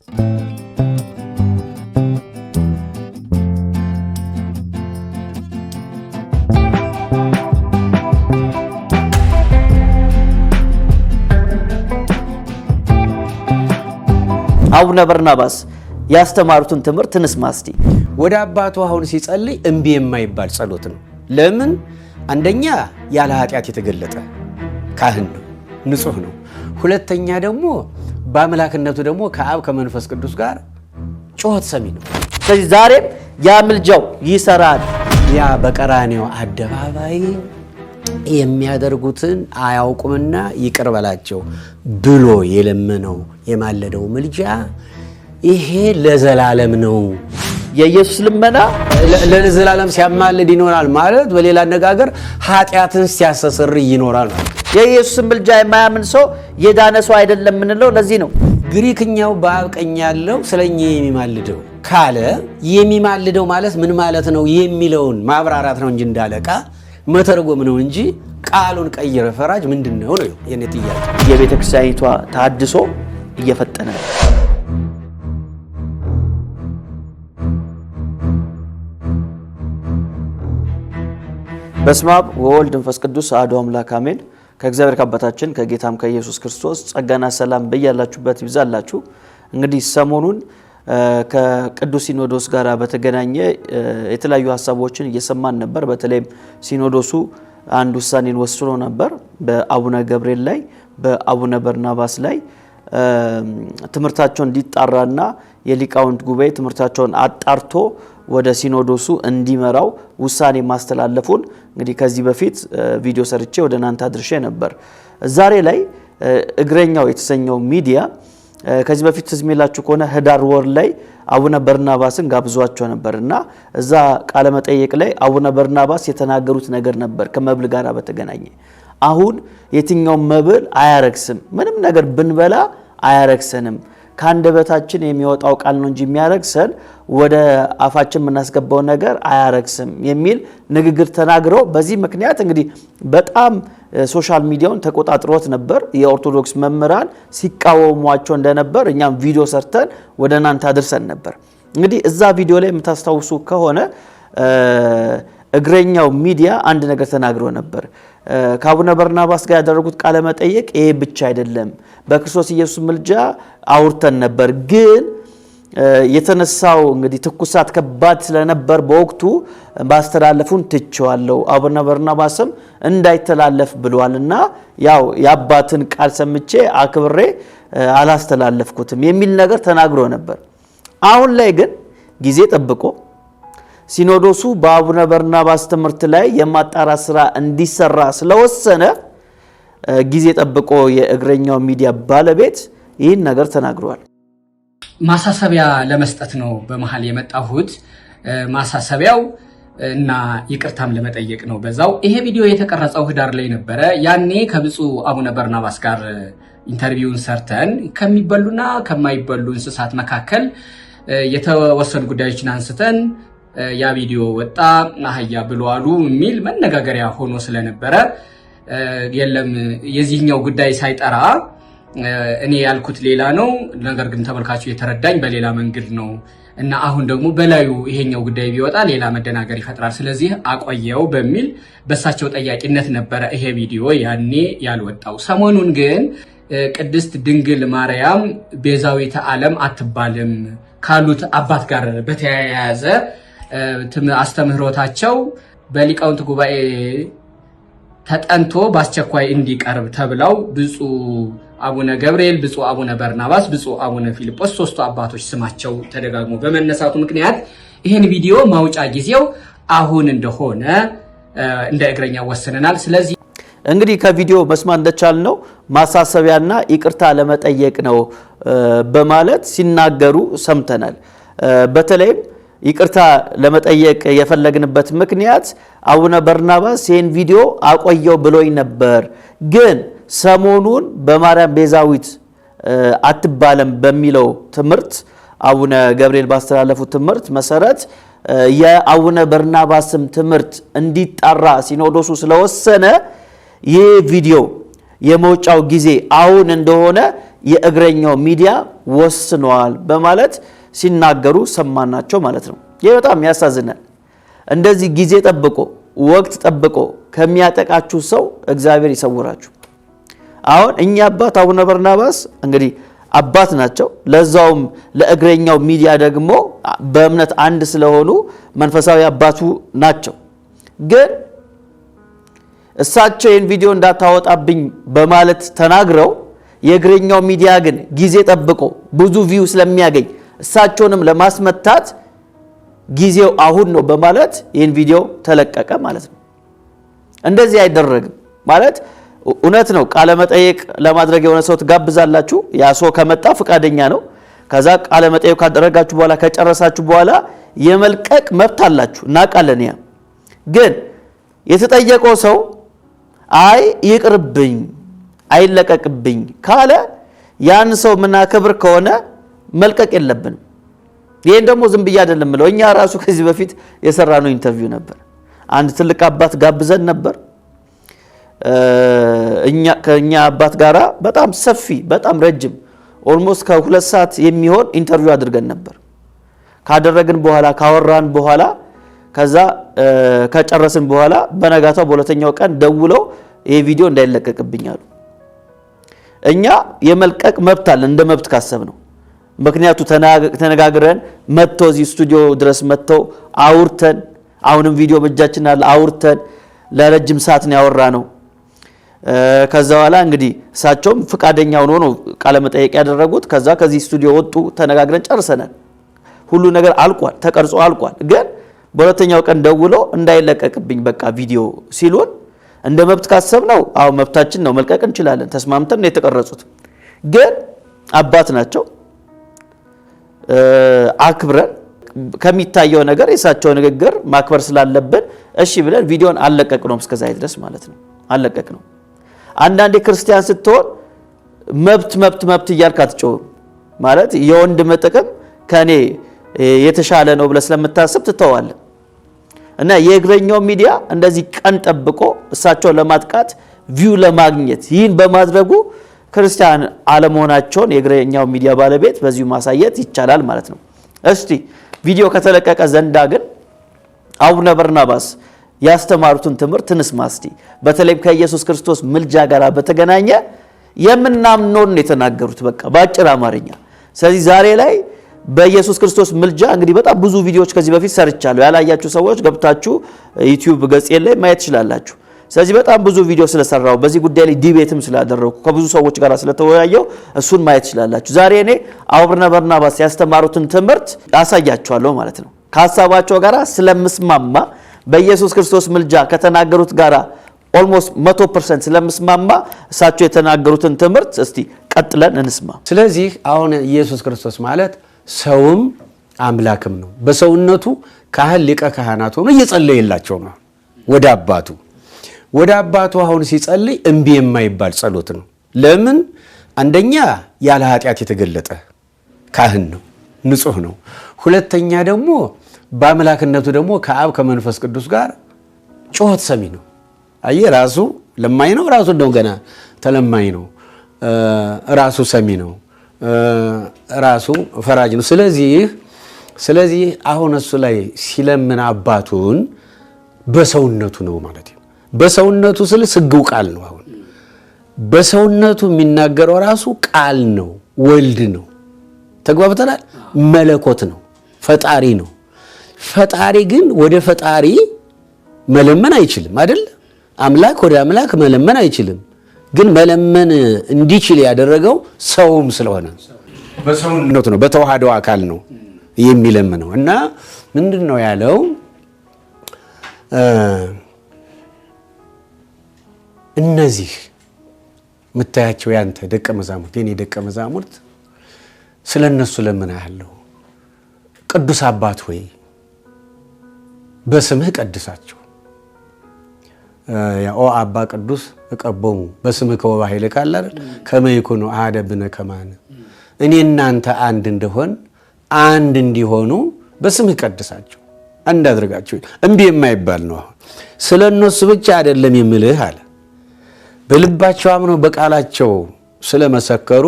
አቡነ በርናባስ ያስተማሩትን ትምህርት እንስማ እስቲ። ወደ አባቱ አሁን ሲጸልይ እምቢ የማይባል ጸሎት ነው። ለምን? አንደኛ ያለ ኃጢአት የተገለጠ ካህን ነው፣ ንጹህ ነው። ሁለተኛ ደግሞ በአምላክነቱ ደግሞ ከአብ ከመንፈስ ቅዱስ ጋር ጩኸት ሰሚ ነው። ስለዚህ ዛሬም ያ ምልጃው ይሰራል። ያ በቀራኔው አደባባይ የሚያደርጉትን አያውቁምና ይቅር በላቸው ብሎ የለመነው የማለደው ምልጃ ይሄ ለዘላለም ነው። የኢየሱስ ልመና ለዘላለም ሲያማልድ ይኖራል ማለት፣ በሌላ አነጋገር ኃጢአትን ሲያሰስር ይኖራል። የኢየሱስን ምልጃ የማያምን ሰው የዳነ ሰው አይደለም የምንለው ለዚህ ነው። ግሪክኛው በአብ ቀኝ ያለው ስለ የሚማልደው ካለ የሚማልደው ማለት ምን ማለት ነው የሚለውን ማብራራት ነው እንጂ እንዳለቃ መተርጎም ነው እንጂ ቃሉን ቀይረ ፈራጅ ምንድን ነው ነው የኔ ጥያቄ። የቤተ ክርስቲያኒቷ ታድሶ እየፈጠነ ነው። በስመ አብ ወወልድ መንፈስ ቅዱስ አሐዱ አምላክ አሜን። ከእግዚአብሔር ከአባታችን ከጌታም ከኢየሱስ ክርስቶስ ጸጋና ሰላም በያላችሁበት ይብዛላችሁ። እንግዲህ ሰሞኑን ከቅዱስ ሲኖዶስ ጋር በተገናኘ የተለያዩ ሀሳቦችን እየሰማን ነበር። በተለይም ሲኖዶሱ አንድ ውሳኔን ወስኖ ነበር። በአቡነ ገብርኤል ላይ፣ በአቡነ በርናባስ ላይ ትምህርታቸውን እንዲጣራና የሊቃውንት ጉባኤ ትምህርታቸውን አጣርቶ ወደ ሲኖዶሱ እንዲመራው ውሳኔ ማስተላለፉን እንግዲህ ከዚህ በፊት ቪዲዮ ሰርቼ ወደ እናንተ አድርሼ ነበር። ዛሬ ላይ እግረኛው የተሰኘው ሚዲያ ከዚህ በፊት ትዝሜላችሁ ከሆነ ህዳር ወር ላይ አቡነ በርናባስን ጋብዟቸው ነበር እና እዛ ቃለመጠየቅ ላይ አቡነ በርናባስ የተናገሩት ነገር ነበር ከመብል ጋር በተገናኘ አሁን የትኛው መብል አያረግስም፣ ምንም ነገር ብንበላ አያረክሰንም። ከአንደበታችን የሚወጣው ቃል ነው እንጂ የሚያረግሰን ወደ አፋችን የምናስገባው ነገር አያረግስም የሚል ንግግር ተናግረው በዚህ ምክንያት እንግዲህ በጣም ሶሻል ሚዲያውን ተቆጣጥሮት ነበር። የኦርቶዶክስ መምህራን ሲቃወሟቸው እንደነበር እኛም ቪዲዮ ሰርተን ወደ እናንተ አድርሰን ነበር። እንግዲህ እዛ ቪዲዮ ላይ የምታስታውሱ ከሆነ እግረኛው ሚዲያ አንድ ነገር ተናግሮ ነበር። ከአቡነ በርናባስ ጋር ያደረጉት ቃለ መጠየቅ ይሄ ብቻ አይደለም፣ በክርስቶስ ኢየሱስ ምልጃ አውርተን ነበር ግን የተነሳው ትኩሳት ከባድ ስለነበር በወቅቱ ማስተላለፉን ትቼዋለሁ። አቡነ በርናባስም እንዳይተላለፍ ብሏልና ያው የአባትን ቃል ሰምቼ አክብሬ አላስተላለፍኩትም የሚል ነገር ተናግሮ ነበር። አሁን ላይ ግን ጊዜ ጠብቆ ሲኖዶሱ በአቡነ በርናባስ ትምህርት ላይ የማጣራት ስራ እንዲሰራ ስለወሰነ ጊዜ ጠብቆ የእግረኛው ሚዲያ ባለቤት ይህን ነገር ተናግሯል። ማሳሰቢያ ለመስጠት ነው በመሀል የመጣሁት። ማሳሰቢያው እና ይቅርታም ለመጠየቅ ነው በዛው። ይሄ ቪዲዮ የተቀረጸው ህዳር ላይ ነበረ። ያኔ ከብፁዕ አቡነ በርናባስ ጋር ኢንተርቪውን ሰርተን ከሚበሉና ከማይበሉ እንስሳት መካከል የተወሰኑ ጉዳዮችን አንስተን ያ ቪዲዮ ወጣ። አህያ ብለዋሉ አሉ የሚል መነጋገሪያ ሆኖ ስለነበረ የለም የዚህኛው ጉዳይ ሳይጠራ እኔ ያልኩት ሌላ ነው፣ ነገር ግን ተመልካቹ የተረዳኝ በሌላ መንገድ ነው እና አሁን ደግሞ በላዩ ይሄኛው ጉዳይ ቢወጣ ሌላ መደናገር ይፈጥራል፣ ስለዚህ አቆየው በሚል በእሳቸው ጠያቂነት ነበረ ይሄ ቪዲዮ ያኔ ያልወጣው። ሰሞኑን ግን ቅድስት ድንግል ማርያም ቤዛዊተ ዓለም አትባልም ካሉት አባት ጋር በተያያዘ አስተምህሮታቸው በሊቃውንት ጉባኤ ተጠንቶ በአስቸኳይ እንዲቀርብ ተብለው ብፁዕ አቡነ ገብርኤል፣ ብፁ አቡነ በርናባስ፣ ብፁ አቡነ ፊልጶስ ሶስቱ አባቶች ስማቸው ተደጋግሞ በመነሳቱ ምክንያት ይህን ቪዲዮ ማውጫ ጊዜው አሁን እንደሆነ እንደ እግረኛ ወስነናል። ስለዚህ እንግዲህ ከቪዲዮ መስማት ነው ማሳሰቢያና ይቅርታ ለመጠየቅ ነው በማለት ሲናገሩ ሰምተናል። በተለይም ይቅርታ ለመጠየቅ የፈለግንበት ምክንያት አቡነ በርናባስ ይህን ቪዲዮ አቆየው ብሎኝ ነበር ግን ሰሞኑን በማርያም ቤዛዊት አትባለም በሚለው ትምህርት አቡነ ገብርኤል ባስተላለፉት ትምህርት መሰረት የአቡነ በርናባስም ትምህርት እንዲጣራ ሲኖዶሱ ስለወሰነ ይህ ቪዲዮ የመውጫው ጊዜ አሁን እንደሆነ የእግረኛው ሚዲያ ወስኗል በማለት ሲናገሩ ሰማናቸው ማለት ነው። ይህ በጣም ያሳዝናል። እንደዚህ ጊዜ ጠብቆ ወቅት ጠብቆ ከሚያጠቃችሁ ሰው እግዚአብሔር ይሰውራችሁ። አሁን እኛ አባት አቡነ በርናባስ እንግዲህ አባት ናቸው። ለዛውም ለእግረኛው ሚዲያ ደግሞ በእምነት አንድ ስለሆኑ መንፈሳዊ አባቱ ናቸው። ግን እሳቸው ይህን ቪዲዮ እንዳታወጣብኝ በማለት ተናግረው የእግረኛው ሚዲያ ግን ጊዜ ጠብቆ ብዙ ቪው ስለሚያገኝ እሳቸውንም ለማስመታት ጊዜው አሁን ነው በማለት ይህን ቪዲዮ ተለቀቀ ማለት ነው። እንደዚህ አይደረግም ማለት እውነት ነው። ቃለ መጠየቅ ለማድረግ የሆነ ሰው ትጋብዛላችሁ። ያ ሰው ከመጣ ፈቃደኛ ነው። ከዛ ቃለ መጠየቅ ካደረጋችሁ በኋላ ከጨረሳችሁ በኋላ የመልቀቅ መብት አላችሁ እና ያ ግን የተጠየቀው ሰው አይ ይቅርብኝ፣ አይለቀቅብኝ ካለ ያን ሰው ምናክብር ከሆነ መልቀቅ የለብንም። ይህን ደግሞ ዝም ብዬ አይደለም ምለው። እኛ ራሱ ከዚህ በፊት የሰራነው ኢንተርቪው ነበር። አንድ ትልቅ አባት ጋብዘን ነበር ከእኛ አባት ጋራ በጣም ሰፊ በጣም ረጅም ኦልሞስት ከሁለት ሰዓት የሚሆን ኢንተርቪው አድርገን ነበር። ካደረግን በኋላ ካወራን በኋላ ከዛ ከጨረስን በኋላ በነጋታው በሁለተኛው ቀን ደውለው ይሄ ቪዲዮ እንዳይለቀቅብኝ አሉ። እኛ የመልቀቅ መብት አለን እንደ መብት ካሰብ ነው። ምክንያቱ ተነጋግረን መጥተው እዚህ ስቱዲዮ ድረስ መጥተው አውርተን አሁንም ቪዲዮ በእጃችን አለ አውርተን ለረጅም ሰዓት ነው ያወራ ነው። ከዛ በኋላ እንግዲህ እሳቸውም ፍቃደኛ ሆኖ ነው ቃለ መጠየቅ ያደረጉት። ከዛ ከዚህ ስቱዲዮ ወጡ። ተነጋግረን ጨርሰናል። ሁሉ ነገር አልቋል፣ ተቀርጾ አልቋል። ግን በሁለተኛው ቀን ደውሎ እንዳይለቀቅብኝ በቃ ቪዲዮ ሲሉን እንደ መብት ካሰብ ነው አሁን መብታችን ነው መልቀቅ እንችላለን። ተስማምተን ነው የተቀረጹት። ግን አባት ናቸው አክብረን ከሚታየው ነገር የእሳቸው ንግግር ማክበር ስላለብን እሺ ብለን ቪዲዮን አለቀቅ ነው እስከዛ ድረስ ማለት ነው አለቀቅ ነው። አንዳንዴ ክርስቲያን ስትሆን መብት መብት መብት እያልክ አትጮህም። ማለት የወንድም ጥቅም ከኔ የተሻለ ነው ብለህ ስለምታስብ ትተዋል እና የእግረኛው ሚዲያ እንደዚህ ቀን ጠብቆ እሳቸውን ለማጥቃት ቪው ለማግኘት ይህን በማድረጉ ክርስቲያን አለመሆናቸውን የእግረኛው ሚዲያ ባለቤት በዚሁ ማሳየት ይቻላል ማለት ነው። እስቲ ቪዲዮ ከተለቀቀ ዘንዳ ግን አቡነ በርናባስ ያስተማሩትን ትምህርት እንስማ እስቲ። በተለይም ከኢየሱስ ክርስቶስ ምልጃ ጋር በተገናኘ የምናምነውን የተናገሩት በቃ በአጭር አማርኛ። ስለዚህ ዛሬ ላይ በኢየሱስ ክርስቶስ ምልጃ እንግዲህ በጣም ብዙ ቪዲዮዎች ከዚህ በፊት ሰርቻለሁ። ያላያችሁ ሰዎች ገብታችሁ ዩቲዩብ ገጽ ላይ ማየት ትችላላችሁ። ስለዚህ በጣም ብዙ ቪዲዮ ስለሰራው በዚህ ጉዳይ ላይ ዲቤትም ስላደረጉ ከብዙ ሰዎች ጋር ስለተወያየው እሱን ማየት ትችላላችሁ። ዛሬ እኔ ጳውሎስና በርናባስ ያስተማሩትን ትምህርት አሳያችኋለሁ ማለት ነው። ከሀሳባቸው ጋር ስለምስማማ በኢየሱስ ክርስቶስ ምልጃ ከተናገሩት ጋር ኦልሞስት መቶ ፐርሰንት ስለምስማማ እሳቸው የተናገሩትን ትምህርት እስቲ ቀጥለን እንስማ። ስለዚህ አሁን ኢየሱስ ክርስቶስ ማለት ሰውም አምላክም ነው። በሰውነቱ ካህን ሊቀ ካህናት ሆኖ እየጸለየላቸው ነው ወደ አባቱ ወደ አባቱ አሁን ሲጸልይ እምቢ የማይባል ጸሎት ነው። ለምን? አንደኛ ያለ ኃጢአት የተገለጠ ካህን ነው፣ ንጹህ ነው። ሁለተኛ ደግሞ በአምላክነቱ ደግሞ ከአብ ከመንፈስ ቅዱስ ጋር ጩኸት ሰሚ ነው። አየ ራሱ ለማኝ ነው። ራሱ እንደው ገና ተለማኝ ነው። ራሱ ሰሚ ነው። ራሱ ፈራጅ ነው። ስለዚህ ስለዚህ አሁን እሱ ላይ ሲለምን አባቱን በሰውነቱ ነው ማለት ነው። በሰውነቱ ስል ስግው ቃል ነው። አሁን በሰውነቱ የሚናገረው ራሱ ቃል ነው፣ ወልድ ነው። ተግባብተናል። መለኮት ነው፣ ፈጣሪ ነው። ፈጣሪ ግን ወደ ፈጣሪ መለመን አይችልም አይደል? አምላክ ወደ አምላክ መለመን አይችልም። ግን መለመን እንዲችል ያደረገው ሰውም ስለሆነ በሰውነት ነው፣ በተዋህዶ አካል ነው የሚለምነው። እና ምንድን ነው ያለው? እነዚህ የምታያቸው ያንተ ደቀ መዛሙርት የኔ ደቀ መዛሙርት ስለ እነሱ ለምናለሁ ቅዱስ አባት ሆይ በስምህ ቀድሳቸው ኦ አባ ቅዱስ እቀቦሙ በስምህ ከወባ ቃል አይደል ከመይኩኑ አሐደ ብነ ከማነ እኔ እናንተ አንድ እንደሆን አንድ እንዲሆኑ በስምህ ቀድሳቸው አንድ አድርጋቸው። እምቢ የማይባል ነው። አሁን ስለ እነሱ ብቻ አይደለም የምልህ አለ በልባቸው አምነው በቃላቸው ስለመሰከሩ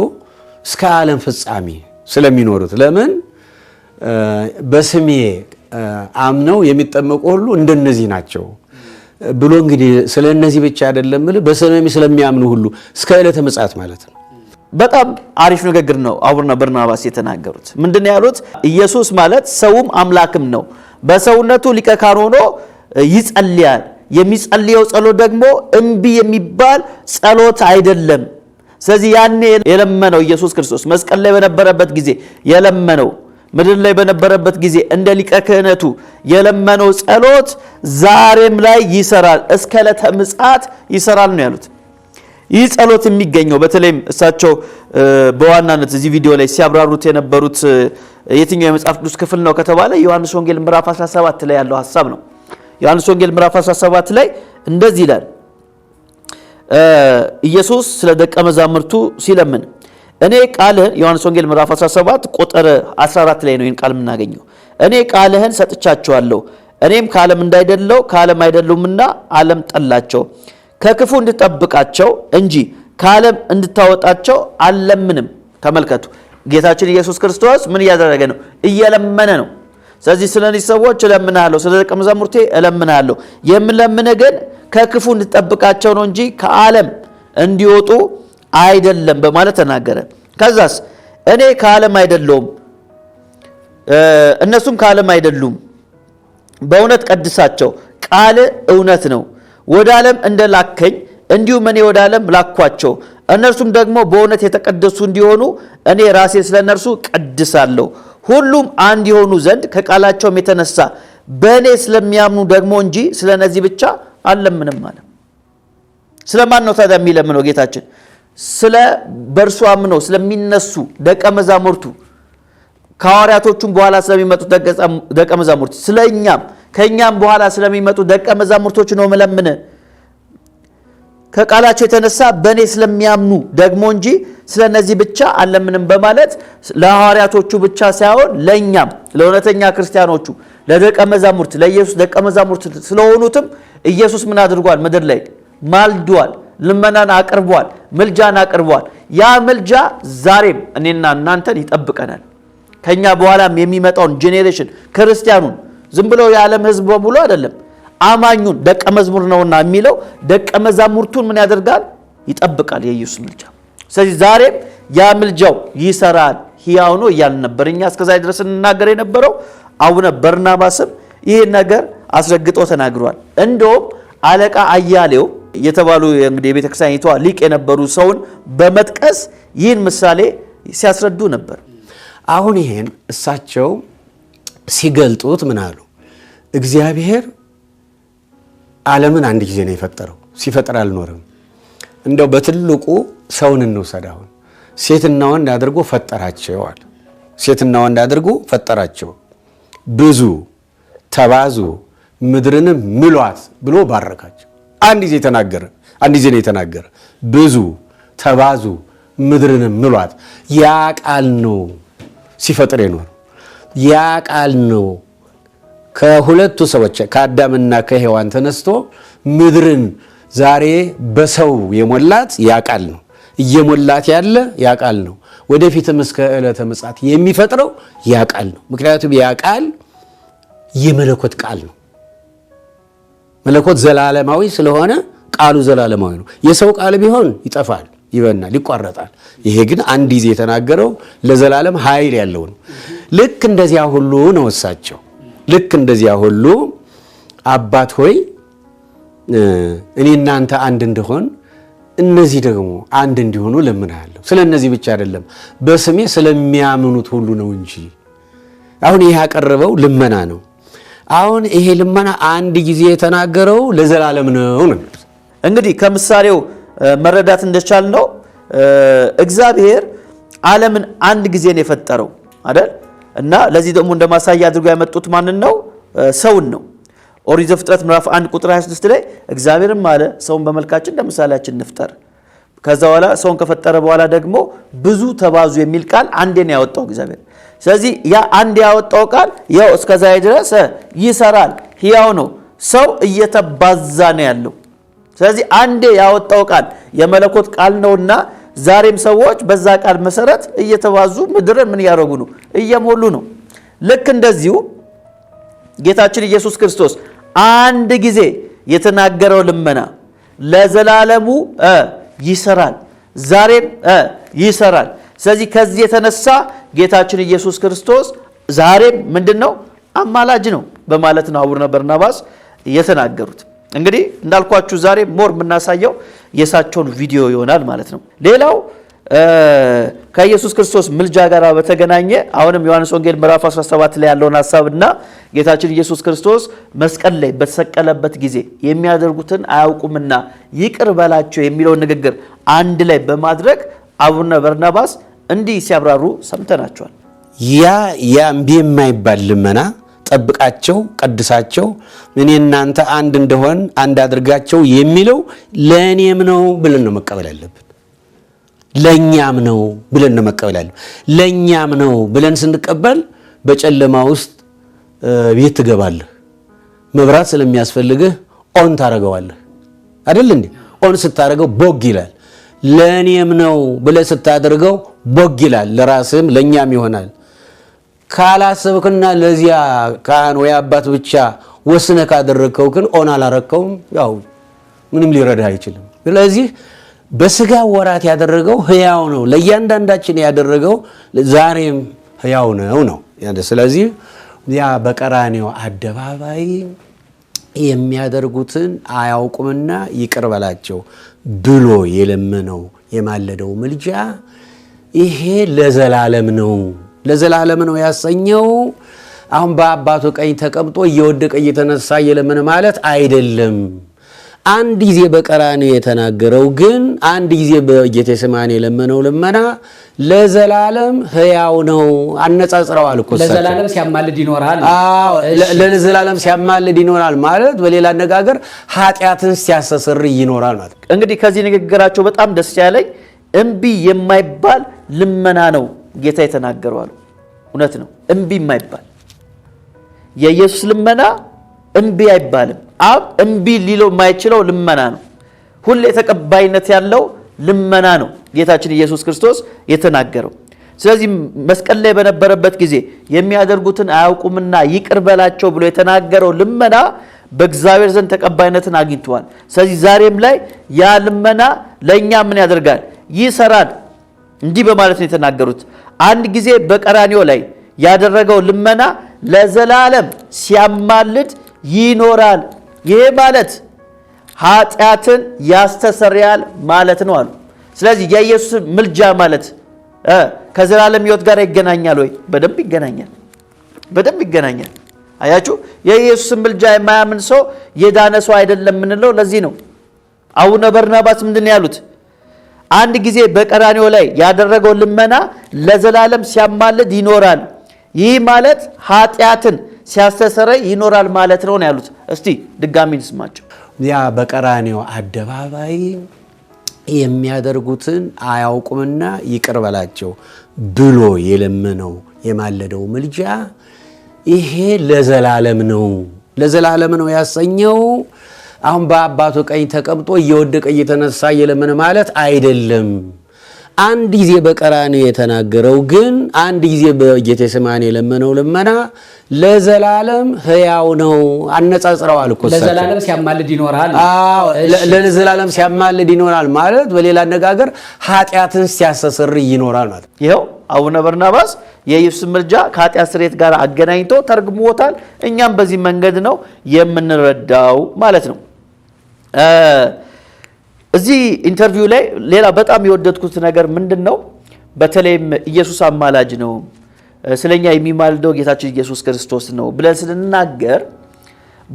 እስከ ዓለም ፍጻሜ ስለሚኖሩት ለምን በስሜ አምነው የሚጠመቁ ሁሉ እንደነዚህ ናቸው ብሎ እንግዲህ ስለ እነዚህ ብቻ አይደለም ብለ በሰሚ ስለሚያምኑ ሁሉ እስከ ዕለተ ምጽአት ማለት ነው። በጣም አሪፍ ንግግር ነው አቡነ በርናባስ የተናገሩት። ምንድን ያሉት? ኢየሱስ ማለት ሰውም አምላክም ነው። በሰውነቱ ሊቀ ካህን ይጸልያል። የሚጸልየው ጸሎት ደግሞ እምቢ የሚባል ጸሎት አይደለም። ስለዚህ ያኔ የለመነው ኢየሱስ ክርስቶስ መስቀል ላይ በነበረበት ጊዜ የለመነው ምድር ላይ በነበረበት ጊዜ እንደ ሊቀ ክህነቱ የለመነው ጸሎት ዛሬም ላይ ይሰራል፣ እስከ ዕለተ ምጽአት ይሰራል ነው ያሉት። ይህ ጸሎት የሚገኘው በተለይም እሳቸው በዋናነት እዚህ ቪዲዮ ላይ ሲያብራሩት የነበሩት የትኛው የመጽሐፍ ቅዱስ ክፍል ነው ከተባለ ዮሐንስ ወንጌል ምዕራፍ 17 ላይ ያለው ሀሳብ ነው። ዮሐንስ ወንጌል ምዕራፍ 17 ላይ እንደዚህ ይላል ኢየሱስ ስለ ደቀ መዛሙርቱ ሲለምን እኔ ቃልህን ዮሐንስ ወንጌል ምዕራፍ 17 ቁጥር 14 ላይ ነው ይህን ቃል የምናገኘው። እኔ ቃልህን ሰጥቻቸዋለሁ፣ እኔም ከዓለም እንዳይደለው ከዓለም አይደሉምና ዓለም ጠላቸው። ከክፉ እንድጠብቃቸው እንጂ ከዓለም እንድታወጣቸው አልለምንም። ተመልከቱ፣ ጌታችን ኢየሱስ ክርስቶስ ምን እያደረገ ነው? እየለመነ ነው። ስለዚህ ስለ እኒህ ሰዎች እለምናለሁ፣ ስለ ደቀ መዛሙርቴ እለምናለሁ። የምለምነ ግን ከክፉ እንድጠብቃቸው ነው እንጂ ከዓለም እንዲወጡ አይደለም በማለት ተናገረ። ከዛስ እኔ ከዓለም አይደለውም እነሱም ከዓለም አይደሉም፣ በእውነት ቀድሳቸው፣ ቃል እውነት ነው። ወደ ዓለም እንደላከኝ እንዲሁም እኔ ወደ ዓለም ላኳቸው። እነርሱም ደግሞ በእውነት የተቀደሱ እንዲሆኑ እኔ ራሴ ስለ እነርሱ ቀድሳለሁ። ሁሉም አንድ የሆኑ ዘንድ ከቃላቸውም የተነሳ በእኔ ስለሚያምኑ ደግሞ እንጂ ስለ እነዚህ ብቻ አልለምንም አለ። ስለማን ነው ታዲያ የሚለምነው ጌታችን? ስለ በእርሱ አምነው ስለሚነሱ ደቀ መዛሙርቱ ከሐዋርያቶቹም በኋላ ስለሚመጡ ደቀ መዛሙርት ስለ እኛም ከእኛም በኋላ ስለሚመጡ ደቀ መዛሙርቶች ነው መለምን ከቃላቸው የተነሳ በእኔ ስለሚያምኑ ደግሞ እንጂ ስለ እነዚህ ብቻ አለምንም በማለት ለሐዋርያቶቹ ብቻ ሳይሆን ለእኛም ለእውነተኛ ክርስቲያኖቹ ለደቀ መዛሙርት ለኢየሱስ ደቀ መዛሙርት ስለሆኑትም ኢየሱስ ምን አድርጓል? ምድር ላይ ማልዷል። ልመናን አቅርቧል፣ ምልጃን አቅርቧል። ያ ምልጃ ዛሬም እኔና እናንተን ይጠብቀናል። ከኛ በኋላም የሚመጣውን ጄኔሬሽን ክርስቲያኑን ዝም ብለው የዓለም ሕዝብ በሙሉ አይደለም አማኙን ደቀ መዝሙር ነውና የሚለው ደቀ መዛሙርቱን ምን ያደርጋል? ይጠብቃል የኢየሱስ ምልጃ። ስለዚህ ዛሬም ያ ምልጃው ይሰራል ሕያው ነው እያልን ነበር እኛ እስከዛ ድረስ እንናገር የነበረው። አቡነ በርናባስም ይህ ነገር አስረግጦ ተናግሯል። እንደውም አለቃ አያሌው የተባሉ እንግዲህ የቤተ ሊቅ የነበሩ ሰውን በመጥቀስ ይህን ምሳሌ ሲያስረዱ ነበር። አሁን ይሄን እሳቸው ሲገልጡት ምን አሉ? እግዚአብሔር ዓለምን አንድ ጊዜ ነው የፈጠረው፣ ሲፈጥር አልኖርም። እንደው በትልቁ ሰውን እንውሰድ። አሁን ሴትና ወንድ አድርጎ ፈጠራቸዋል። ሴትና ወንድ አድርጎ ፈጠራቸው። ብዙ ተባዙ፣ ምድርንም ምሏት ብሎ ባረካቸው። አንድ ጊዜ ተናገረ። አንድ ጊዜ ነው የተናገረ። ብዙ ተባዙ ምድርንም ምሏት። ያ ቃል ነው ሲፈጥር የኖር ያ ቃል ነው ከሁለቱ ሰዎች ከአዳምና ከሔዋን ተነስቶ ምድርን ዛሬ በሰው የሞላት ያ ቃል ነው። እየሞላት ያለ ያ ቃል ነው። ወደፊትም እስከ ዕለተ ምጽአት የሚፈጥረው ያ ቃል ነው። ምክንያቱም ያ ቃል የመለኮት ቃል ነው። መለኮት ዘላለማዊ ስለሆነ ቃሉ ዘላለማዊ ነው። የሰው ቃል ቢሆን ይጠፋል፣ ይበናል፣ ይቋረጣል። ይሄ ግን አንድ ጊዜ የተናገረው ለዘላለም ኃይል ያለው ነው። ልክ እንደዚያ ሁሉ ነው እሳቸው። ልክ እንደዚያ ሁሉ አባት ሆይ እኔ እናንተ አንድ እንደሆን እነዚህ ደግሞ አንድ እንዲሆኑ ለምናለሁ። ስለ እነዚህ ብቻ አይደለም በስሜ ስለሚያምኑት ሁሉ ነው እንጂ አሁን ይህ ያቀረበው ልመና ነው። አሁን ይሄ ልመና አንድ ጊዜ የተናገረው ለዘላለም ነው። ነው። እንግዲህ ከምሳሌው መረዳት እንደቻል ነው እግዚአብሔር ዓለምን አንድ ጊዜ ነው የፈጠረው አይደል? እና ለዚህ ደግሞ እንደ ማሳያ አድርጎ ያመጡት ማንን ነው? ሰውን ነው። ኦሪት ዘፍጥረት ምዕራፍ 1 ቁጥር 26 ላይ እግዚአብሔርም አለ ሰውን በመልካችን እንደ ምሳሌያችን እንፍጠር። ከዛ በኋላ ሰውን ከፈጠረ በኋላ ደግሞ ብዙ ተባዙ የሚል ቃል አንዴ ነው ያወጣው እግዚአብሔር ስለዚህ ያ አንድ ያወጣው ቃል ያው እስከ ድረስ ይሰራል፣ ሕያው ነው። ሰው እየተባዛ ነው ያለው። ስለዚህ አንዴ ያወጣው ቃል የመለኮት ቃል ነውና ዛሬም ሰዎች በዛ ቃል መሰረት እየተባዙ ምድርን ምን እያደረጉ ነው? እየሞሉ ነው። ልክ እንደዚሁ ጌታችን ኢየሱስ ክርስቶስ አንድ ጊዜ የተናገረው ልመና ለዘላለሙ ይሰራል፣ ዛሬም ይሰራል። ስለዚህ ከዚህ የተነሳ ጌታችን ኢየሱስ ክርስቶስ ዛሬም ምንድን ነው አማላጅ ነው በማለት ነው አቡነ በርናባስ የተናገሩት። እንግዲህ እንዳልኳችሁ ዛሬ ሞር የምናሳየው የእሳቸውን ቪዲዮ ይሆናል ማለት ነው። ሌላው ከኢየሱስ ክርስቶስ ምልጃ ጋር በተገናኘ አሁንም ዮሐንስ ወንጌል ምዕራፍ 17 ላይ ያለውን ሀሳብና ጌታችን ኢየሱስ ክርስቶስ መስቀል ላይ በተሰቀለበት ጊዜ የሚያደርጉትን አያውቁምና ይቅር በላቸው የሚለውን ንግግር አንድ ላይ በማድረግ አቡነ በርናባስ እንዲህ ሲያብራሩ ሰምተናቸዋል። ያ ያ እምቢ የማይባል ልመና ጠብቃቸው፣ ቀድሳቸው፣ እኔ እናንተ አንድ እንደሆን አንድ አድርጋቸው የሚለው ለእኔም ነው ብለን ነው መቀበል ያለብን። ለእኛም ነው ብለን ነው መቀበል ያለብን። ለእኛም ነው ብለን ስንቀበል በጨለማ ውስጥ ቤት ትገባለህ። መብራት ስለሚያስፈልግህ ኦን ታደርገዋለህ አይደል እንዴ? ኦን ስታደርገው ቦግ ይላል። ለእኔም ነው ብለህ ስታደርገው ቦግ ይላል። ለራስህም ለእኛም ይሆናል። ካላሰብክና ለዚያ ካህን ወይ አባት ብቻ ወስነ ካደረግከው ግን ኦን አላረግከውም፣ ያው ምንም ሊረዳ አይችልም። ስለዚህ በስጋ ወራት ያደረገው ህያው ነው። ለእያንዳንዳችን ያደረገው ዛሬም ህያው ነው ነው። ስለዚህ ያ በቀራኔው አደባባይ የሚያደርጉትን አያውቁምና ይቅር በላቸው ብሎ የለመነው የማለደው ምልጃ ይሄ ለዘላለም ነው ለዘላለም ነው ያሰኘው አሁን በአባቱ ቀኝ ተቀምጦ እየወደቀ እየተነሳ እየለመነ ማለት አይደለም። አንድ ጊዜ በቀራንዮ የተናገረው ግን አንድ ጊዜ በጌቴሴማኒ የለመነው ልመና ለዘላለም ሕያው ነው። አነጻጽረው አልኮ ለዘላለም ሲያማልድ ይኖራል። ለዘላለም ሲያማልድ ይኖራል ማለት በሌላ አነጋገር ኃጢአትን ሲያሰስር ይኖራል ማለት። እንግዲህ ከዚህ ንግግራቸው በጣም ደስ ያለኝ እምቢ የማይባል ልመና ነው ጌታ የተናገረው አሉ። እውነት ነው፣ እምቢ የማይባል የኢየሱስ ልመና እምቢ አይባልም። አብ እምቢ ሊለው የማይችለው ልመና ነው። ሁሌ ተቀባይነት ያለው ልመና ነው ጌታችን ኢየሱስ ክርስቶስ የተናገረው። ስለዚህ መስቀል ላይ በነበረበት ጊዜ የሚያደርጉትን አያውቁምና ይቅር በላቸው ብሎ የተናገረው ልመና በእግዚአብሔር ዘንድ ተቀባይነትን አግኝተዋል። ስለዚህ ዛሬም ላይ ያ ልመና ለእኛ ምን ያደርጋል? ይሰራል። እንዲህ በማለት ነው የተናገሩት። አንድ ጊዜ በቀራኒዮ ላይ ያደረገው ልመና ለዘላለም ሲያማልድ ይኖራል። ይሄ ማለት ኃጢአትን ያስተሰርያል ማለት ነው አሉ። ስለዚህ የኢየሱስ ምልጃ ማለት ከዘላለም ሕይወት ጋር ይገናኛል ወይ? በደንብ ይገናኛል፣ በደንብ ይገናኛል። አያችሁ፣ የኢየሱስን ምልጃ የማያምን ሰው የዳነ ሰው አይደለም የምንለው ለዚህ ነው። አቡነ በርናባስ ምንድን ነው ያሉት? አንድ ጊዜ በቀራንዮ ላይ ያደረገው ልመና ለዘላለም ሲያማልድ ይኖራል። ይህ ማለት ኃጢአትን ሲያስተሰረ ይኖራል ማለት ነው ነው ያሉት። እስቲ ድጋሚ እንስማቸው። ያ በቀራንዮ አደባባይ የሚያደርጉትን አያውቁምና ይቅር በላቸው ብሎ የለመነው የማለደው ምልጃ ይሄ ለዘላለም ነው፣ ለዘላለም ነው ያሰኘው አሁን በአባቱ ቀኝ ተቀምጦ እየወደቀ እየተነሳ እየለመነ ማለት አይደለም። አንድ ጊዜ በቀራንዮ የተናገረው ግን አንድ ጊዜ በጌቴሴማኒ የለመነው ልመና ለዘላለም ሕያው ነው። አነጻጽረው አልኮ ለዘላለም ሲያማልድ ይኖራል። አዎ ለዘላለም ሲያማልድ ይኖራል ማለት በሌላ አነጋገር ኃጢአትን ሲያሰስር ይኖራል ማለት ይኸው አቡነ በርናባስ የኢየሱስ ምርጃ ከኃጢአት ስርየት ጋር አገናኝቶ ተርጉሞታል። እኛም በዚህ መንገድ ነው የምንረዳው ማለት ነው። እዚህ ኢንተርቪው ላይ ሌላ በጣም የወደድኩት ነገር ምንድን ነው? በተለይም ኢየሱስ አማላጅ ነው፣ ስለኛ የሚማልደው ጌታችን ኢየሱስ ክርስቶስ ነው ብለን ስንናገር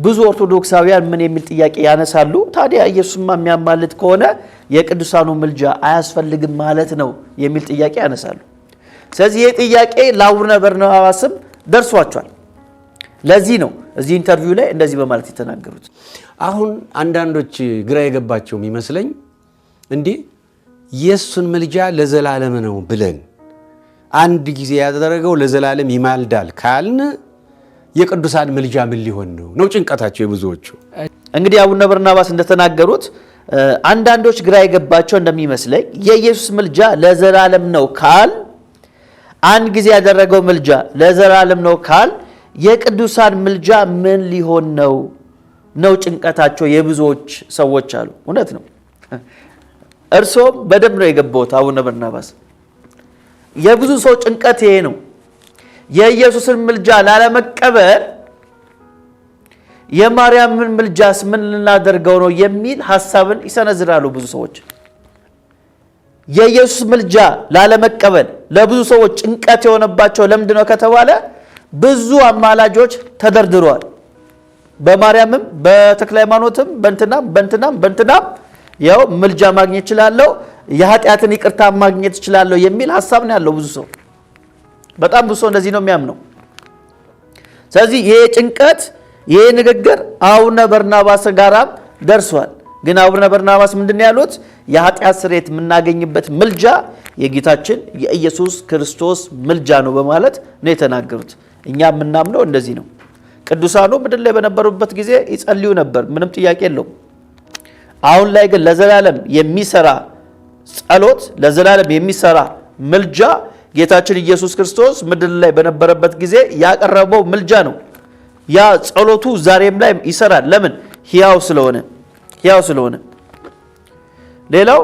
ብዙ ኦርቶዶክሳውያን ምን የሚል ጥያቄ ያነሳሉ? ታዲያ ኢየሱስማ የሚያማልድ ከሆነ የቅዱሳኑ ምልጃ አያስፈልግም ማለት ነው የሚል ጥያቄ ያነሳሉ። ስለዚህ ይህ ጥያቄ ለአቡነ በርናባስም ደርሷቸዋል። ለዚህ ነው እዚህ ኢንተርቪው ላይ እንደዚህ በማለት የተናገሩት። አሁን አንዳንዶች ግራ የገባቸው የሚመስለኝ እንዲህ የእሱን ምልጃ ለዘላለም ነው ብለን አንድ ጊዜ ያደረገው ለዘላለም ይማልዳል ካልን የቅዱሳን ምልጃ ምን ሊሆን ነው ነው ጭንቀታቸው የብዙዎቹ። እንግዲህ አቡነ በርናባስ እንደተናገሩት አንዳንዶች ግራ የገባቸው እንደሚመስለኝ የኢየሱስ ምልጃ ለዘላለም ነው ካል አንድ ጊዜ ያደረገው ምልጃ ለዘላለም ነው ካል የቅዱሳን ምልጃ ምን ሊሆን ነው ነው ጭንቀታቸው የብዙዎች ሰዎች አሉ። እውነት ነው። እርሶም በደንብ ነው የገባት አቡነ በርናባስ። የብዙ ሰው ጭንቀት ይሄ ነው። የኢየሱስን ምልጃ ላለመቀበል የማርያምን ምልጃስ ምን ልናደርገው ነው የሚል ሀሳብን ይሰነዝራሉ ብዙ ሰዎች። የኢየሱስ ምልጃ ላለመቀበል ለብዙ ሰዎች ጭንቀት የሆነባቸው ለምንድን ነው ከተባለ ብዙ አማላጆች ተደርድረዋል። በማርያምም በተክለ ሃይማኖትም በእንትናም በንትናም በንትናም ያው ምልጃ ማግኘት እችላለሁ፣ የኃጢአትን ይቅርታ ማግኘት እችላለሁ የሚል ሀሳብ ነው ያለው ብዙ ሰው። በጣም ብዙ ሰው እንደዚህ ነው የሚያምነው። ስለዚህ ይሄ ጭንቀት ይሄ ንግግር አቡነ በርናባስ ጋራም ደርሷል። ግን አቡነ በርናባስ ምንድን ያሉት የኃጢአት ስርየት የምናገኝበት ምልጃ የጌታችን የኢየሱስ ክርስቶስ ምልጃ ነው በማለት ነው የተናገሩት። እኛ የምናምነው እንደዚህ ነው። ቅዱሳኑ ምድር ላይ በነበሩበት ጊዜ ይጸልዩ ነበር፣ ምንም ጥያቄ የለውም። አሁን ላይ ግን ለዘላለም የሚሰራ ጸሎት፣ ለዘላለም የሚሰራ ምልጃ ጌታችን ኢየሱስ ክርስቶስ ምድር ላይ በነበረበት ጊዜ ያቀረበው ምልጃ ነው። ያ ጸሎቱ ዛሬም ላይ ይሰራል። ለምን? ሕያው ስለሆነ ያው ስለሆነ ሌላው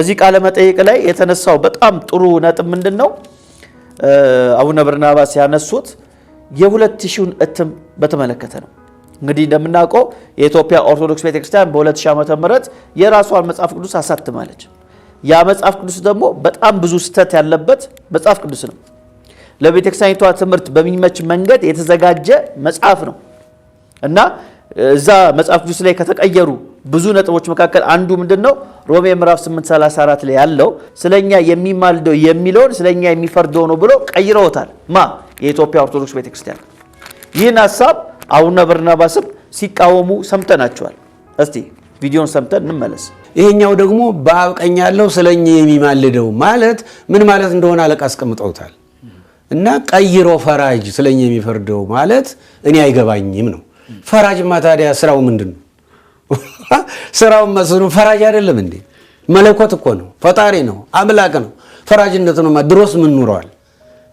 እዚህ ቃለ መጠይቅ ላይ የተነሳው በጣም ጥሩ ነጥብ ምንድን ነው? አቡነ በርናባስ ያነሱት የሁለት ሺውን እትም በተመለከተ ነው። እንግዲህ እንደምናውቀው የኢትዮጵያ ኦርቶዶክስ ቤተክርስቲያን በ ሺህ ዓመተ ምህረት የራሷን መጽሐፍ ቅዱስ አሳትማለች። ያ መጽሐፍ ቅዱስ ደግሞ በጣም ብዙ ስህተት ያለበት መጽሐፍ ቅዱስ ነው። ለቤተክርስቲያኒቷ ትምህርት በሚመች መንገድ የተዘጋጀ መጽሐፍ ነው እና እዛ መጽሐፍ ቅዱስ ላይ ከተቀየሩ ብዙ ነጥቦች መካከል አንዱ ምንድን ነው? ሮሜ ምዕራፍ 834 ላይ ያለው ስለኛ የሚማልደው የሚለውን ስለኛ የሚፈርደው ነው ብሎ ቀይረውታል። ማ የኢትዮጵያ ኦርቶዶክስ ቤተክርስቲያን ይህን ሀሳብ አቡነ በርናባስም ሲቃወሙ ሰምተናቸዋል። እስቲ ቪዲዮን ሰምተን እንመለስ። ይሄኛው ደግሞ በአብ ቀኝ ያለው ስለኛ የሚማልደው ማለት ምን ማለት እንደሆነ አለቃ አስቀምጠውታል። እና ቀይሮ ፈራጅ ስለኛ የሚፈርደው ማለት እኔ አይገባኝም ነው። ፈራጅማ ታዲያ ስራው ምንድን ነው? ስራውን መስሉ ፈራጅ አይደለም እንዴ? መለኮት እኮ ነው፣ ፈጣሪ ነው፣ አምላክ ነው። ፈራጅነት ነው። ድሮስ ምን ኑረዋል?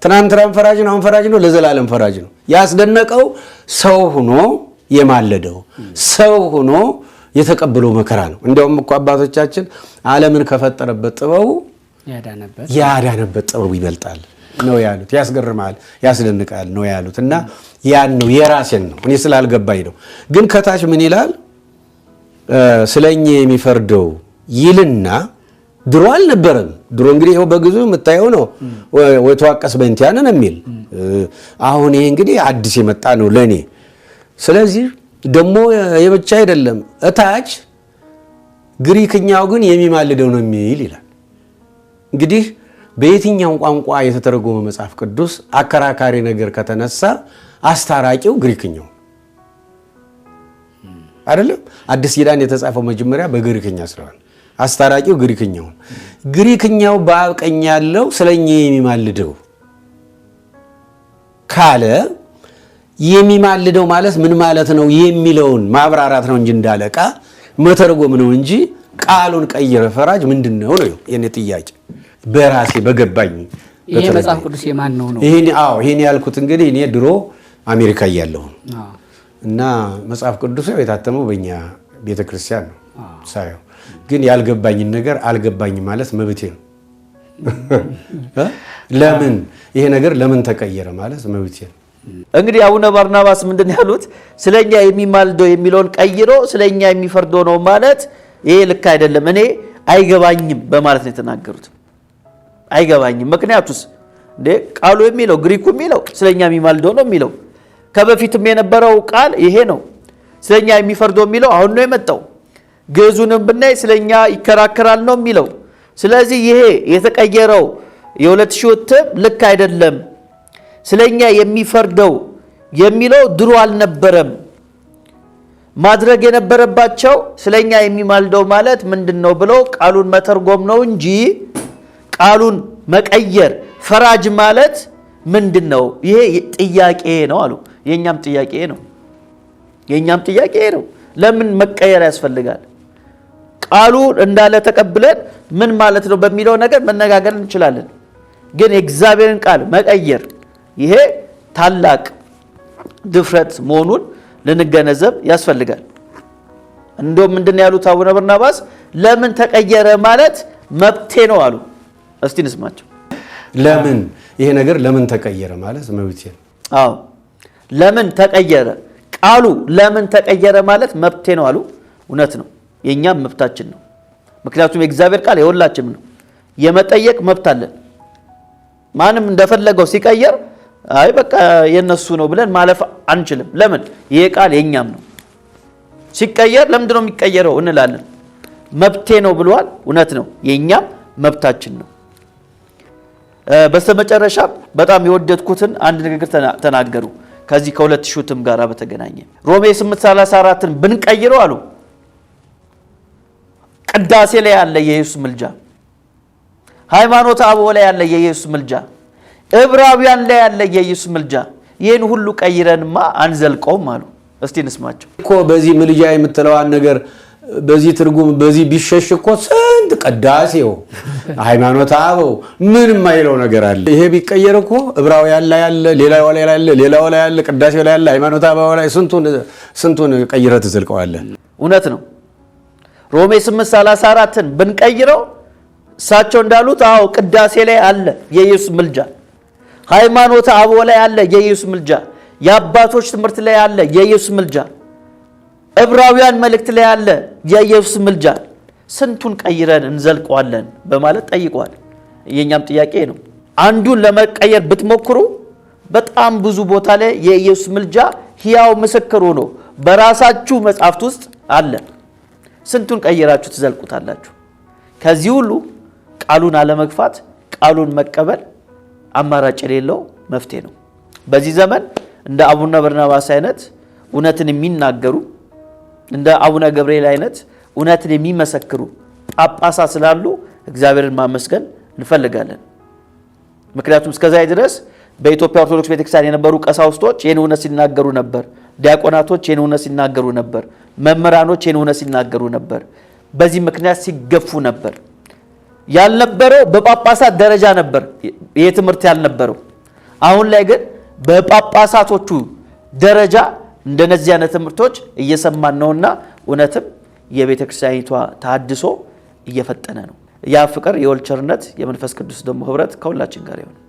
ትናንትናም ፈራጅ ነው፣ አሁን ፈራጅ ነው፣ ለዘላለም ፈራጅ ነው። ያስደነቀው ሰው ሆኖ የማለደው ሰው ሆኖ የተቀበለው መከራ ነው። እንዲያውም እኮ አባቶቻችን ዓለምን ከፈጠረበት ጥበቡ ያዳነበት ጥበቡ ይበልጣል ነው ያሉት። ያስገርማል፣ ያስደንቃል ነው ያሉት። እና ያን ነው የራሴን ነው እኔ ስላልገባኝ ነው። ግን ከታች ምን ይላል? ስለ እኛ የሚፈርደው ይልና ድሮ አልነበረም። ድሮ እንግዲህ ይኸው በግዙ የምታየው ነው። ወይተዋቀስ በእንቲያንን የሚል አሁን ይሄ እንግዲህ አዲስ የመጣ ነው ለእኔ። ስለዚህ ደግሞ የብቻ አይደለም እታች ግሪክኛው ግን የሚማልደው ነው የሚል ይላል። እንግዲህ በየትኛው ቋንቋ የተተረጎመ መጽሐፍ ቅዱስ አከራካሪ ነገር ከተነሳ አስታራቂው ግሪክኛው አይደለም። አዲስ ኪዳን የተጻፈው መጀመሪያ በግሪክኛ ስለሆነ አስታራቂው ግሪክኛው ግሪክኛው በአብ ቀኝ ያለው ስለኛ የሚማልደው ካለ የሚማልደው ማለት ምን ማለት ነው የሚለውን ማብራራት ነው እንጂ እንዳለቃ መተርጎም ነው እንጂ ቃሉን ቀይረ ፈራጅ ምንድን ነው ነው የኔ ጥያቄ። በራሴ በገባኝ ይሄ መጽሐፍ ቅዱስ የማን ነው ነው ይሄን አዎ ይሄን ያልኩት እንግዲህ እኔ ድሮ አሜሪካ እያለሁ እና መጽሐፍ ቅዱስ የታተመው በእኛ ቤተክርስቲያን ነው። ሳየው ግን ያልገባኝን ነገር አልገባኝ ማለት መብቴ ነው። ለምን ይሄ ነገር ለምን ተቀየረ ማለት መብቴ ነው። እንግዲህ አቡነ ባርናባስ ምንድን ያሉት ስለኛ የሚማልደው የሚለውን ቀይሮ ስለኛ የሚፈርደው ነው ማለት ይሄ ልክ አይደለም፣ እኔ አይገባኝም በማለት ነው የተናገሩት። አይገባኝም ምክንያቱስ እንዴ ቃሉ የሚለው ግሪኩ የሚለው ስለኛ የሚማልደው ነው የሚለው ከበፊትም የነበረው ቃል ይሄ ነው። ስለኛ የሚፈርደው የሚለው አሁን ነው የመጣው። ግዕዙንም ብናይ ስለኛ ይከራከራል ነው የሚለው። ስለዚህ ይሄ የተቀየረው የሁለት ሺው እትም ልክ አይደለም። ስለኛ የሚፈርደው የሚለው ድሮ አልነበረም። ማድረግ የነበረባቸው ስለኛ የሚማልደው ማለት ምንድን ነው ብለው ቃሉን መተርጎም ነው እንጂ ቃሉን መቀየር ፈራጅ ማለት ምንድን ነው? ይሄ ጥያቄ ነው አሉ። የእኛም ጥያቄ ነው። የእኛም ጥያቄ ነው። ለምን መቀየር ያስፈልጋል? ቃሉ እንዳለ ተቀብለን ምን ማለት ነው በሚለው ነገር መነጋገር እንችላለን። ግን የእግዚአብሔርን ቃል መቀየር ይሄ ታላቅ ድፍረት መሆኑን ልንገነዘብ ያስፈልጋል። እንዲሁም ምንድን ያሉት አቡነ በርናባስ ለምን ተቀየረ ማለት መብቴ ነው አሉ። እስቲ እንስማቸው። ለምን ይሄ ነገር ለምን ተቀየረ ማለት መብቴ ነው። አዎ ለምን ተቀየረ? ቃሉ ለምን ተቀየረ ማለት መብቴ ነው አሉ። እውነት ነው፣ የእኛም መብታችን ነው። ምክንያቱም የእግዚአብሔር ቃል የሁላችንም ነው። የመጠየቅ መብት አለን። ማንም እንደፈለገው ሲቀየር አይ በቃ የነሱ ነው ብለን ማለፍ አንችልም። ለምን ይሄ ቃል የእኛም ነው። ሲቀየር ለምንድን ነው የሚቀየረው እንላለን። መብቴ ነው ብሏል። እውነት ነው፣ የእኛም መብታችን ነው። በስተመጨረሻም በጣም የወደድኩትን አንድ ንግግር ተናገሩ። ከዚህ ከሁለት ሹትም ጋር በተገናኘ ሮሜ 834ን ብንቀይረው አሉ ቅዳሴ ላይ ያለ የኢየሱስ ምልጃ፣ ሃይማኖት አበው ላይ ያለ የኢየሱስ ምልጃ፣ ዕብራውያን ላይ ያለ የኢየሱስ ምልጃ፣ ይህን ሁሉ ቀይረንማ አንዘልቀውም አሉ። እስቲ እንስማቸው እኮ በዚህ ምልጃ የምትለዋን ነገር በዚህ ትርጉም በዚህ ቢሸሽ እኮ ስንት ቅዳሴው ሃይማኖት አበው ምን የማይለው ነገር አለ። ይሄ ቢቀየር እኮ እብራውያን ላይ ያለ ሌላው ላይ ያለ ሌላው ላይ ያለ ቅዳሴው ላይ ያለ ሃይማኖት አበው ላይ ስንቱን ቀይረ ቀይረህ እውነት ነው። ሮሜ 8፥34ን ብንቀይረው እሳቸው እንዳሉት አዎ ቅዳሴ ላይ አለ የኢየሱስ ምልጃ፣ ሃይማኖት አበው ላይ አለ የኢየሱስ ምልጃ፣ የአባቶች ትምህርት ላይ አለ የኢየሱስ ምልጃ ዕብራውያን መልእክት ላይ ያለ የኢየሱስ ምልጃ ስንቱን ቀይረን እንዘልቀዋለን በማለት ጠይቋል። የእኛም ጥያቄ ነው። አንዱን ለመቀየር ብትሞክሩ በጣም ብዙ ቦታ ላይ የኢየሱስ ምልጃ ሕያው ምስክር ሆኖ በራሳችሁ መጽሐፍት ውስጥ አለ። ስንቱን ቀይራችሁ ትዘልቁታላችሁ? ከዚህ ሁሉ ቃሉን አለመግፋት፣ ቃሉን መቀበል አማራጭ የሌለው መፍትሄ ነው። በዚህ ዘመን እንደ አቡነ በርናባስ አይነት እውነትን የሚናገሩ እንደ አቡነ ገብርኤል አይነት እውነትን የሚመሰክሩ ጳጳሳት ስላሉ እግዚአብሔርን ማመስገን እንፈልጋለን። ምክንያቱም እስከዛ ድረስ በኢትዮጵያ ኦርቶዶክስ ቤተክርስቲያን የነበሩ ቀሳውስቶች ይህን እውነት ሲናገሩ ነበር። ዲያቆናቶች ይህን እውነት ሲናገሩ ነበር። መምህራኖች ይህን እውነት ሲናገሩ ነበር። በዚህ ምክንያት ሲገፉ ነበር። ያልነበረው በጳጳሳት ደረጃ ነበር ይህ ትምህርት ያልነበረው። አሁን ላይ ግን በጳጳሳቶቹ ደረጃ እንደነዚህ አይነት ትምህርቶች እየሰማን ነውና እውነትም የቤተ ክርስቲያኒቷ ተሃድሶ እየፈጠነ ነው። ያ ፍቅር የወልቸርነት የመንፈስ ቅዱስ ደግሞ ህብረት ከሁላችን ጋር ይሆን።